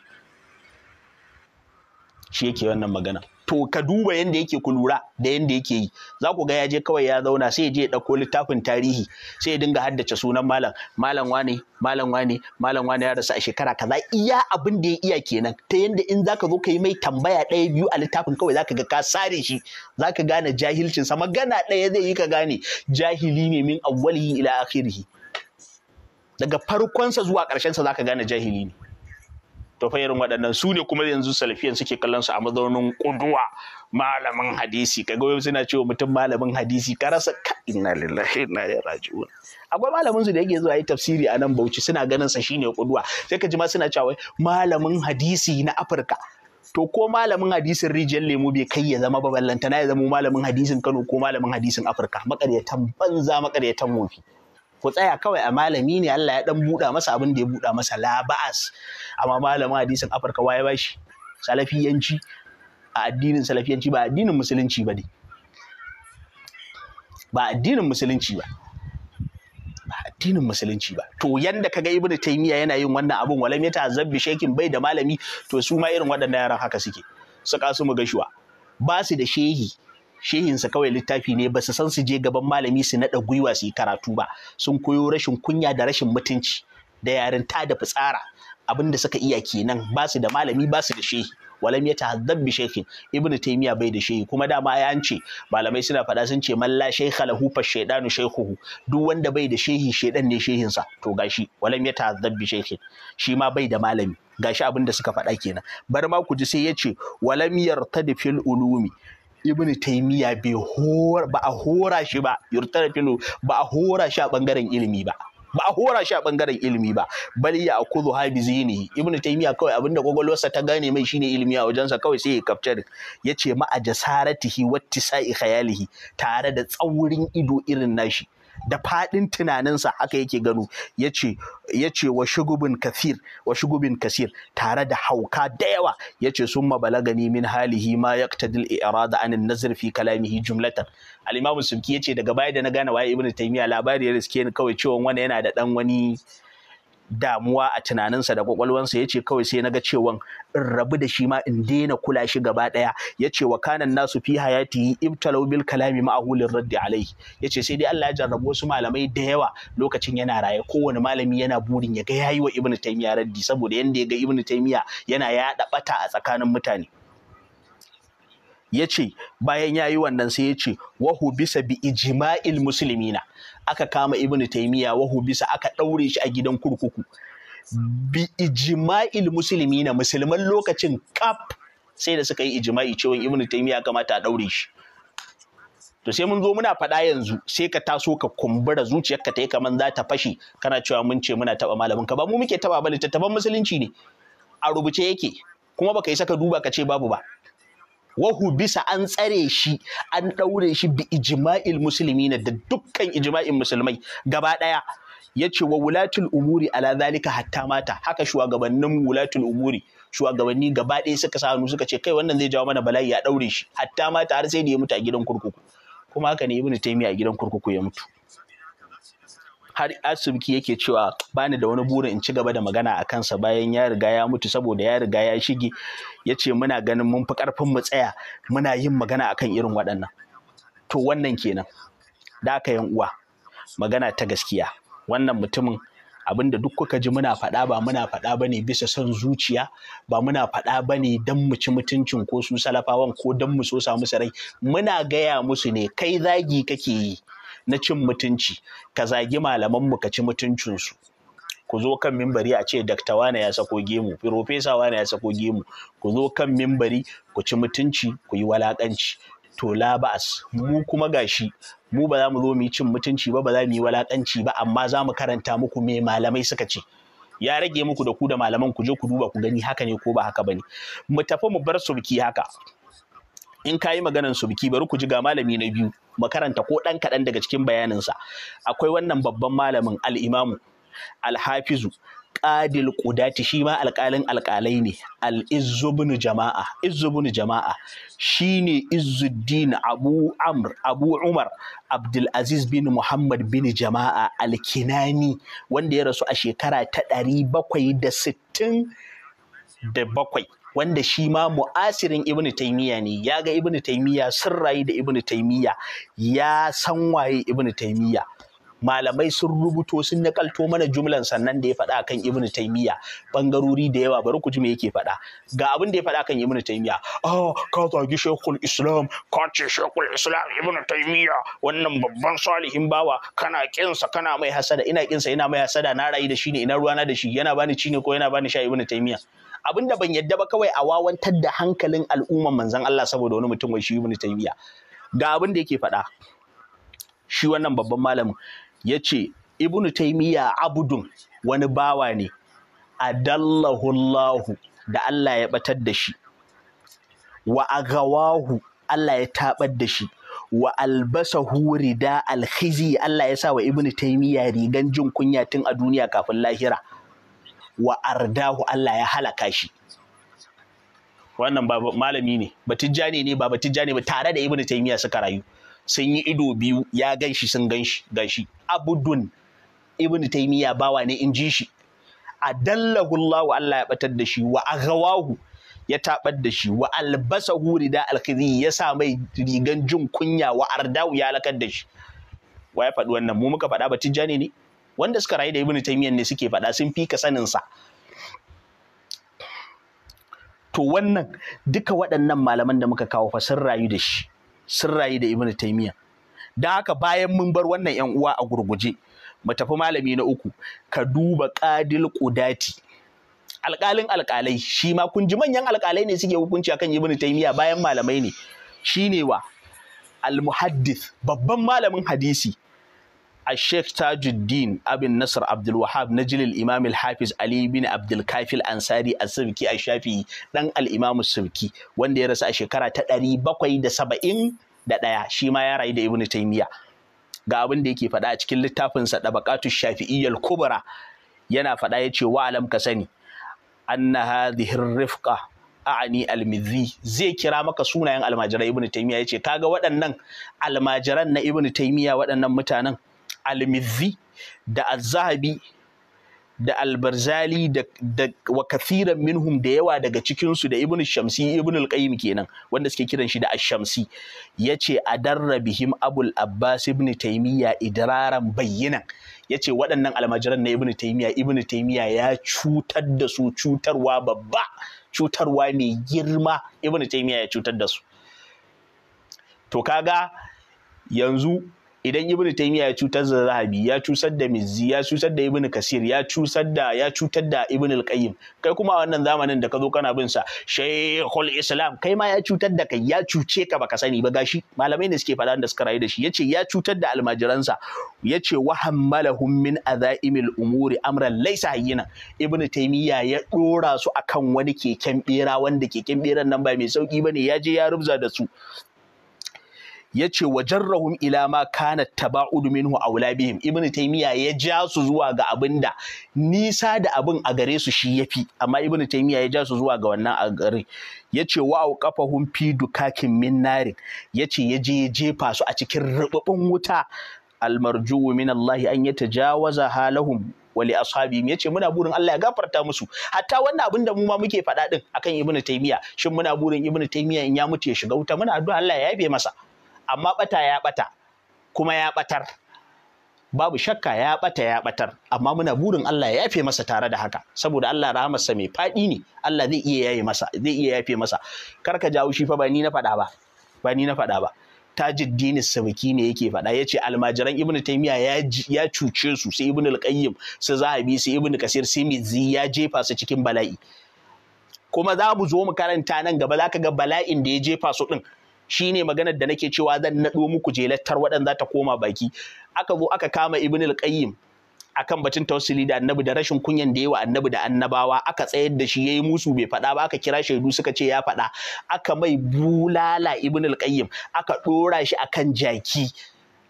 shi yake wannan magana to ka duba yanda yake ku lura da yadda yake yi za ku ga ya je kawai ya zauna sai ya je ya ɗauko littafin tarihi sai ya dinga haddace sunan malam malam wane malam wane malam wane ya rasu a shekara kaza iya abin da ya iya kenan ta yadda in zaka zo ka yi mai tambaya ɗaya biyu a littafin kawai zaka ga ka sare shi zaka gane jahilcin sa magana ɗaya zai yi ka gane jahili ne min awwalihi ila akhirihi daga farkonsa zuwa za ka gane jahili ne to fa waɗannan su ne kuma yanzu salafiyan suke kallon su a mazaunin kuduwa malamin hadisi kaga wai suna cewa mutum malamin hadisi ka rasa ka inna lillahi inna ilaihi raji'un akwai malamin su da yake zuwa yi tafsiri a nan Bauchi suna ganin sa shine kuduwa sai ka ji ma suna cewa malamin hadisi na Afirka to ko malamin hadisin rijiyar lemu bai kai ya zama ballantana ya zama malamin hadisin Kano ko malamin hadisin Afirka makaryatan banza makaryatan wofi ku tsaya kawai a malami ne Allah ya dan buɗa masa abin da ya buɗa masa laba'as. amma malamin hadisin Afirka waye bashi salafiyanci a addinin salafiyanci ba addinin musulunci ba ne ba addinin musulunci ba ba addinin musulunci ba to yanda kaga ibn taymiya yana yin wannan abun walam ya ta'azzabbi shekin bai da malami to su ma irin waɗannan yaran haka suke su kasu mu gashuwa ba su da shehi shehinsa kawai littafi ne ba su san su je gaban malami su naɗa gwiwa su yi karatu ba sun koyo rashin kunya da rashin mutunci da ta da fitsara abin da suka iya kenan ba su da malami ba su da shehi walam ya tahaddab bi shaykhin ibn taymiya bai da shehi kuma dama ya ce malamai suna faɗa sun ce malla shaykha lahu fa shaydanu shaykhuhu duk wanda bai da shehi shaydan ne shehin sa to gashi walam ya tahaddab bi shaykhin shi ma bai da malami gashi abin da suka faɗa kenan bar ma ku ji sai ya ce walam yartadi fil ulumi ibn taimiya bai ba a hora shi ba yurtarafilu ba a hora shi a bangaren ilimi ba ba a hora shi a bangaren ilimi ba bal ya akudu ha bi zini ibn taimiya kawai abinda gogolwarsa ta gane mai shine ilimi a wajensa kawai sai ya kaftar yace ma a jasaratihi wattisa'i khayalihi tare da tsaurin ido irin nashi da faɗin tunaninsa haka yake gano ya ce wa shugubin kasir tare da hauka da yawa ya ce sun mabalagani min halihi ma yaqtadil i'rada anin nazar fi kalamihi jumlatan alimamu imamu ya ce daga baya da na gane waye ibnu taimiyya labari ya riske ni kawai cewa wani yana da ɗan wani damuwa a tunaninsa da kwakwalwansa ya ce kawai sai na ga cewan in rabu da shi ma in daina kula shi gaba ɗaya ya ce wa kanan nasu fi hayati ibtalau bil kalami ma ma'ahulin raddi alai ya ce sai dai Allah ya jarrabu wasu malamai da yawa lokacin yana raye kowane malami yana burin ya ga yayi wa ibnu taymiya raddi saboda yanda ya ga ibnu taymiya yana yaɗa ɓata a tsakanin mutane ya ce bayan ya yi wannan sai ya ce wahu bisa bi ijma'il musulmina aka kama Ibn taimiya wahu bisa aka ɗaure shi a gidan kurkuku bi ijma'il musulmi na musulman lokacin kaf sai da suka yi ijma'i cewa Ibn taymiya kamata a ɗaure shi to sai mun zo muna faɗa yanzu sai ka taso ka kumbura zuciyarka ta yi kaman za ta fashe kana cewa mun ce muna taba malamin ka ba mu muke taɓa ba littattafan musulunci ne a rubuce yake kuma baka yi saka duba ka ce babu ba wahu bisa an tsare shi an ɗaure shi bi ijma'il musulmi na da dukkan ijma'in musulmai gaba ɗaya ya ce wa wulatul umuri ala zalika hatta mata haka shugabannin wulatul umuri shugabanni gaba ɗaya suka sa hannu suka ce kai wannan zai jawo mana bala'i ya ɗaure shi hatta mata har sai da ya mutu a gidan kurkuku kuma haka ne ibnu taymiya a gidan kurkuku ya mutu har asibiti yake cewa bani da wani burin in ci gaba da magana a kansa bayan ya riga ya mutu saboda ya riga ya shige ya ce muna ganin mun fi karfin mu tsaya muna yin magana akan irin waɗannan to wannan kenan da aka yan uwa magana ta gaskiya wannan mutumin abin da duk kuka ji muna faɗa ba muna faɗa ba ne bisa son zuciya ba muna faɗa ba ne don mu ci mutuncin ko su salafawan ko don mu so samu sarai muna gaya musu ne kai zagi kake yi na cin mutunci ka zagi malaman mu ka ci mutuncinsu ku zo kan mimbari a ce dakta wane ya sako gemu firofesa wane ya sako gemu ku zo kan mimbari ku ci mutunci ku yi walakanci to labas mu kuma gashi mu ba za mu zo mu yi cin mutunci ba ba za mu yi walakanci ba amma za mu karanta muku me malamai suka ce ya rage muku da ku da malaman ku je ku duba ku gani haka ne ko ba haka bane mu tafi mu bar su biki haka in ka yi maganan biki bari ku ji ga malami na biyu makaranta ko ɗan kaɗan daga cikin bayaninsa akwai wannan babban malamin al'imamu alhafizu ƙadil, ƙudati shi ma alƙalin alƙalai ne al jama'a izzubnu jama'a shine izzuddin abu amr abu umar abdulaziz bin muhammad bin jama'a alkinani wanda ya rasu a shekara ta ɗari bakwai da sittin da bakwai wanda shi ma mu'asirin ibnu Taimiyya ne ya ga ibnu Taimiyya sun rayu da ibnu Taimiyya. ya san waye ibnu Taimiyya. malamai sun rubuto sun nakalto mana jumlan sannan da ya faɗa kan ibn Taimiyya. bangarori da yawa bari ku ji me yake faɗa ga abin da ya faɗa kan ibn Taimiyya. ah ka zagi shekul islam ka ce shekul islam ibn Taimiyya, wannan babban salihin bawa kana kinsa kana mai hasada ina kinsa ina mai hasada na rayu da shi ne ina ruwana da shi yana bani ci ne ko yana bani sha ibn Taimiyya. da ban yadda ba kawai a wawantar da hankalin al'umman manzan Allah saboda wani mutum wai shi Ibn Taymiyyah ga abin da yake faɗa shi wannan babban malamin ya yace Ibn Taymiyyah abudun wani bawa ne adallahu Allahu da Allah ya batar da shi wa agawahu Allah ya tabar da shi wa albasa hurida da alkhizi Allah ya sa wa ibnu taymiya rigan jin kunya tun a duniya kafin lahira wa ardahu Allah ya halaka shi wannan ba malami ne ba tijjani ne ba ba tijjani ba tare da ibnu taymiya suka rayu sun yi ido biyu ya ganshi sun ganshi gashi abudun ibnu taymiya bawa ne in ji shi adallahu Allah Allah ya batar da shi wa aghawahu ya tabar da shi wa albasahu rida alkhizi ya sa mai rigan jin kunya wa ardahu ya lakar da shi wa ya faɗi wannan mu muka faɗa ba tijjani ne wanda suka rayu da ibnu taymiyyah ne suke faɗa sun fi ka sanin sa to wannan duka waɗannan malaman da muka kawo fa sun rayu da shi sun rayu da ibnu taymiyyah Dan haka bayan mun bar wannan yan uwa a gurguje mu tafi malami na uku ka duba qadil qudati alƙalin alƙalai shi ma kun ji manyan alƙalai ne suke hukunci akan ibnu taymiyyah bayan malamai ne shine wa al-muhaddith babban malamin hadisi الشيخ تاج الدين أبي Abdulwahab na الوهاب نجل Hafiz Ali bin بن عبد الكافي الأنصاري السبكي الشافعي دان الإمام السبكي wanda ya rasa a shekara ta ɗari bakwai da saba'in da ɗaya shi ma ya rayu da ibnu taimiya ga abin da yake faɗa a cikin littafinsa ɗabaƙatu shafi'iyyal kubra yana faɗa ya ce wa alam ka sani anna hadhihi rifqa a'ani zai kira maka sunayen almajiran ibnu taymiya yace kaga waɗannan almajiran na ibnu taymiya waɗannan mutanen almizi da azzahabi da albarzali da, da wa kathiran minhum da yawa daga cikinsu da ibnu shamsi ibnu qayyim kenan wanda suke kiran shi da ash-shamsi yace adarra bihim abul abbas ibnu taymiya idraran bayyinan yace waɗannan almajiran na ibnu taymiya Ibn taymiya ya cutar da su cutarwa babba cutarwa mai girma ibnu taymiya ya cutar da su to kaga yanzu idan ibnu taymiya ya cutar da zahabi ya cutar da mizzi ya cutar da ibnu kasir ya cutar da ya cutar da ibnu alqayyim kai kuma a wannan zamanin da ka zo kana bin sa shaykhul islam kai ma ya cutar da kai ya cuce ka baka sani ba gashi malamai ne suke faɗa da suka rayu da shi yace ya cutar da almajiransa yace wa hammalahum min azaimil umuri amran laysa hayyina ibnu taymiya ya dora su akan wani keken bera wanda keken beran nan ba mai sauki bane ya je ya rubza da su Ya ce wa jarrahum ila ma kana taba'ud minhu aula bihim ibn taymiya ya ja su zuwa ga abinda nisa da abin a gare su shi yafi amma ibn taymiya ya ja su zuwa ga wannan a gare Ya ce wa auqafahum fi dukakin min Ya ce ya je jefa su a cikin rububin wuta almarju'u min allahi an yatajawaza halahum wali ashabi Ya ce muna burin Allah ya gafarta musu hatta wannan abin da mu ma muke faɗa din akan Ibn Taymiya shin muna burin Ibn Taymiya in ya mutu ya shiga wuta muna addu'a Allah ya yabe masa amma bata ya bata kuma ya batar babu shakka ya ɓata ya ɓatar, amma muna burin Allah ya yafe masa tare da haka saboda Allah rahamarsa mai faɗi ne Allah zai iya yaye masa zai iya yafe masa kar ka jawo shi fa ba ni na faɗa ba ba ni na faɗa ba tajiddini sabiki ne yake faɗa ya ce almajiran ibnu taimiya ya cuce su sai ibnu alƙayyim su zahabi su ibnu kasir sai mizi ya jefa su cikin bala'i kuma za mu zo mu karanta nan gaba za ka ga bala'in da ya jefa su ɗin Shi ne maganar da nake cewa zan naɗo muku jelattar waɗanda za ta koma baki aka zo aka kama ibn al-qayyim akan batun tausili da annabi da rashin kunyan da yawa annabi da annabawa aka tsayar da shi yayi musu bai faɗa ba aka kira shaidu suka ce ya faɗa aka mai bulala ibn al-qayyim aka dora shi akan jaki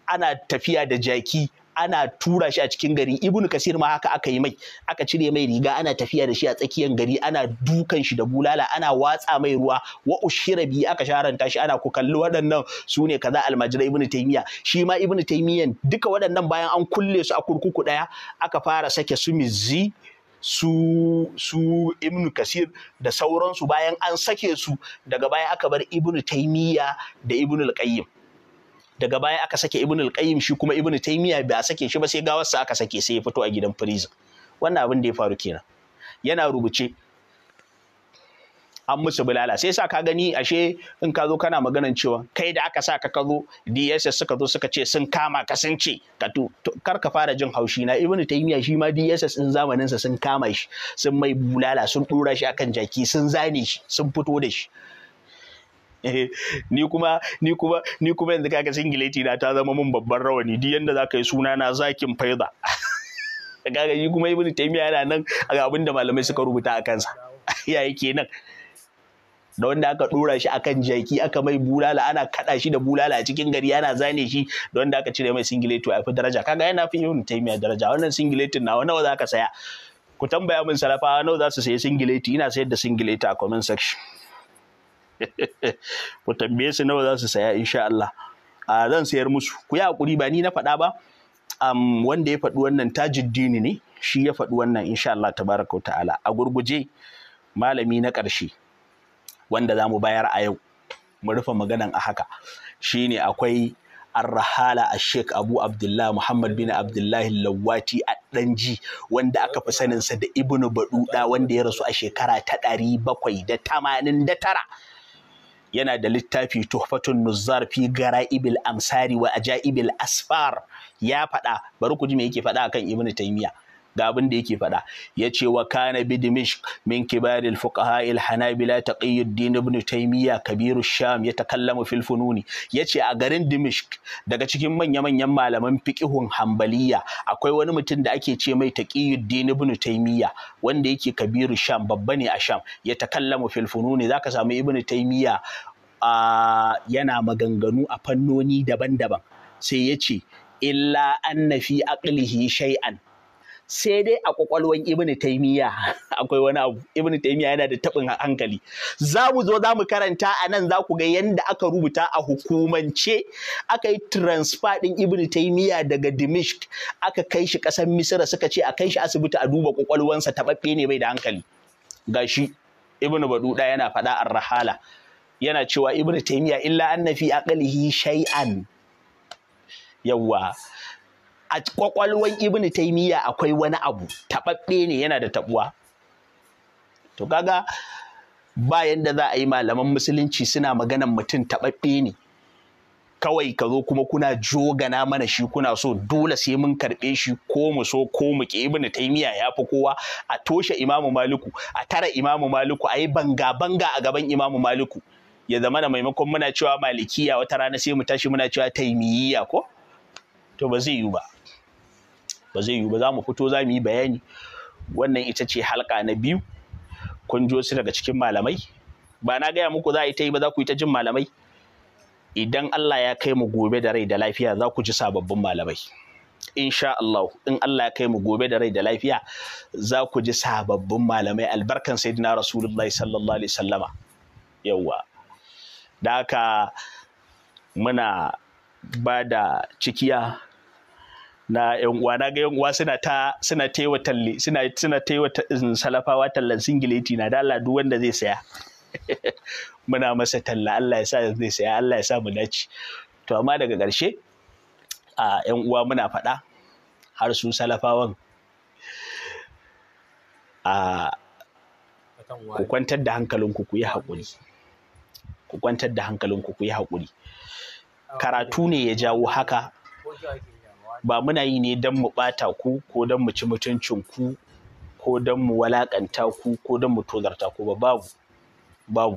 ana tafiya da jaki ana tura shi a cikin gari ibn kasir ma haka aka yi mai aka cire mai riga ana tafiya da shi a tsakiyar gari ana dukan shi da bulala ana watsa mai ruwa wa ushira aka sharanta shi ana ku kalli waɗannan su ne kaza almajira ibn taymiya shi ma ibn taymiyan duka waɗannan bayan an kulle su a kurkuku ɗaya aka fara sake su mizzi su su ibn kasir da sauransu bayan an sake su daga baya aka bar ibn taymiya da ibn alqayyim daga baya aka sake ibn al shi kuma ibn taymiya ba a sake shi ba sai gawarsa aka sake sai ya fito a gidan prison wannan abin da ya faru kenan yana rubuce an musu bulala sai sa ka gani ashe in ka zo kana maganan cewa kai da aka sa ka ka zo DSS suka zo suka ce sun kama ka sun ce ka tu kar ka fara jin haushi na ibnu taymiya shi ma DSS din zamaninsa sun kama shi sun mai bulala sun dora shi akan jaki sun zane shi sun fito da shi Eh, ni kuma ni kuma ni kuma yanzu kaga singileti na ta zama mun babban rawani duk yanda zaka yi suna na zakin faida kaga shi kuma ibnu taymiya yana nan ga abin malamai suka rubuta a kansa ya yake nan da wanda aka dora shi akan jaki aka mai bulala ana kada shi da bulala a cikin gari ana zane shi da wanda aka cire mai singileti ya fi daraja kaga yana fi ibnu taymiya daraja wannan singiletin nawa za ka saya ku tambaya mun salafa nawa za su sayi singileti ina sayar da singileti a comment section ku tambaye su nawa za su saya insha Allah a zan sayar musu ku yi hakuri ba ni na faɗa ba um, wanda ya faɗi wannan tajiddini ne shi ya faɗi wannan insha Allah tabaraka wa ta'ala a gurguje malami na ƙarshe wanda za mu bayar a yau mu rufe maganan a haka shine akwai arrahala a sheik abu abdullah muhammad bin abdullahi lawati a ɗanji wanda aka fi saninsa da ibnu baduda wanda ya rasu a shekara ta ɗari bakwai da tamanin da tara yana da littafi tuhfatun nuzar fi ibil amsari wa ibil asfar ya faɗa bari ku ji me yake faɗa akan ibnu taymiya ga abin da yake faɗa ya ce wa kana bi Dimish min kibaril fuqaha al hanabila taqiyuddin ibn taymiya kabiru sham ya yatakallamu fil fununi Ya ce a garin dimishk daga cikin manya manyan malaman fiqihun hanbaliya akwai wani mutum da ake ce mai taqiyuddin ibn taymiya wanda yake kabiru sham babba ne a sham ya yatakallamu fil fununi zaka samu ibn taymiya yana maganganu a fannoni daban-daban sai ya ce illa na fi aqlihi shay'an sai dai a kwakwalwan Ibn taymiya akwai wani abu Ibn taimiya yana da tabin hankali za mu zo za mu karanta a nan za ku ga yadda aka rubuta a hukumance aka yi transfer din ibnu taimiya daga dimishk aka kai shi kasar misira suka ce a kai shi asibiti a duba kwakwalwansa taɓaɓɓe ne bai da hankali gashi Ibn baduda yana faɗa a rahala yana cewa Ibn taimiya illa annafi fi aqlihi shay'an yawwa a kwakwalwan ibn taimiyya akwai wani abu taɓaɓɓe ne yana da taɓuwa to kaga ba yanda za a yi malaman musulunci suna maganan mutum taɓaɓɓe ne kawai ka zo kuma kuna jogana mana shi kuna so dole sai mun karɓe shi ko mu so ko mu ki ibn taimiyya ya fi kowa a toshe imamu maliku a tara imamu maliku a yi banga banga a gaban imamu maliku ya zama na maimakon muna cewa malikiya wata rana sai mu tashi muna cewa taimiyya ko to ba zai yiwu ba ba zai yiwu ba za mu fito za mu yi bayani wannan ita ce halka na biyu kun ji wasu daga cikin malamai ba na gaya muku za a yi ta yi ba za ku yi ta jin malamai idan Allah ya kai mu gobe da rai da lafiya za ku ji sababbin malamai insha Allah in Allah ya kai mu gobe da rai da lafiya za ku ji sababbin malamai albarkan sayyidina rasulullahi sallallahu alaihi sallama yawwa da haka muna bada cikiya na yan uwa na ga yan uwa suna ta suna tewa talle suna suna tewa mm, salafawa tallan singileti na da Allah duk wanda zai saya muna masa talla Allah ya sa zai saya Allah ya sa mu dace to amma daga ƙarshe a yan uwa muna faɗa har su salafawan a ku kwantar da hankalinku ku yi haƙuri ku kwantar da hankalinku ku yi haƙuri karatu ne ya jawo haka ba muna yi ne don mu ɓata ku ko don mu ci mutuncin ku ko don mu walakanta ku ko don mu tozarta ku ba babu babu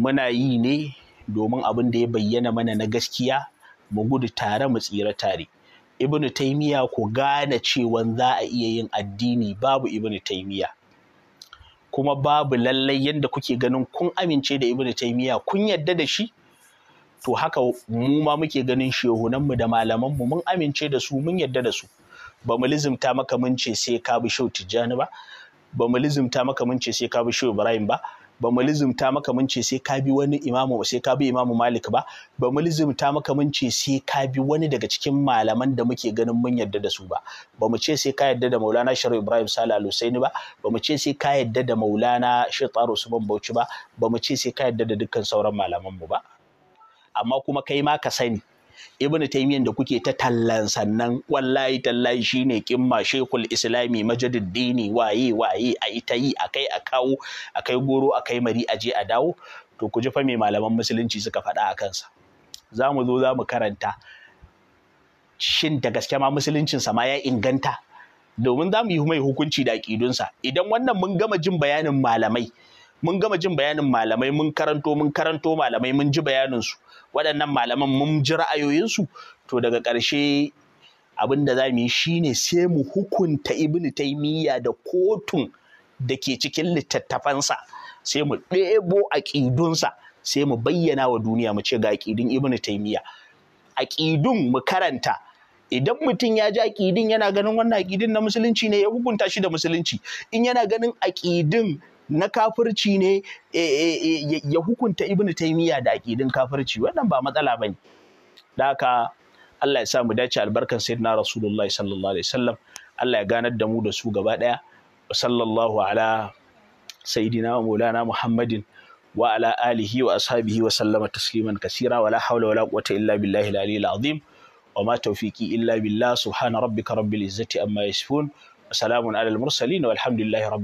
muna yi ne domin abin da ya bayyana mana na gaskiya mu gudu tare mu tsira tare ibnu taimiya ku gane cewan za a iya yin addini babu ibnu taimiya kuma babu lallai yadda kuke ganin kun amince da ibnu taimiya kun yadda da shi to haka mu ma muke ganin shehunanmu da malamanmu mun amince da su mun yadda da su ba mu lizimta maka mun ce sai ka bi shau tijjani ba ba mu lizimta maka mun ce sai ka bi shau ibrahim ba ba mu lizimta maka mun ce sai ka bi wani imamu sai ka bi imamu malik ba ba mu lizimta maka mun ce sai ka bi wani daga cikin malaman da muke ganin mun yarda da su ba ba mu ce sai ka yarda da maulana sharif ibrahim sala al-husaini ba ba mu ce sai ka yarda da maulana shi tsaro su bauchi ba ba mu ce sai ka yarda da dukkan sauran malaman mu ba amma kuma kai ma ka sani ibn taymiyyah da kuke ta tallan sannan wallahi tallahi shine kimma shekul islami majaduddini waye waye a ita yi akai a kawo akai goro akai mari a a dawo to ku ji fa mai malaman musulunci suka faɗa a kansa za mu zo za mu karanta shin da gaske ma musuluncin sa ma ya inganta domin za mu yi mai hukunci da aƙidunsa idan wannan mun gama jin bayanin malamai mun gama jin bayanin malamai mun karanto mun karanto malamai mun ji bayanin su waɗannan malaman mun ji ra'ayoyinsu to daga ƙarshe abin da za mu yi shine sai mu hukunta ibnu taimiyya da kotun da ke cikin littattafansa sai mu ɗebo aƙidunsa sai mu bayyana wa duniya mu ce ga aƙidun ibnu taimiyya aƙidun mu karanta idan mutum ya ji aƙidin yana ganin wannan aƙidin na musulunci ne ya hukunta shi da musulunci in yana ganin aƙidin na kafirci ne e, e, e, ya hukunta ibnu taimiyya da aqidin kafirci wannan ba matsala ne. da haka Allah ya sa mu dace albarkan sayyidina rasulullahi sallallahu alaihi wasallam Allah ya ganar da mu da su gaba daya sallallahu ala sayyidina maulana muhammadin wa ala alihi wa ashabihi wa sallama tasliman kasira wala hawla wala quwwata illa billahi al-aliyyil azim wa ma tawfiqi illa billah subhana rabbika rabbil izzati amma yasifun wa salamun ala al-mursalin walhamdulillahi rabbil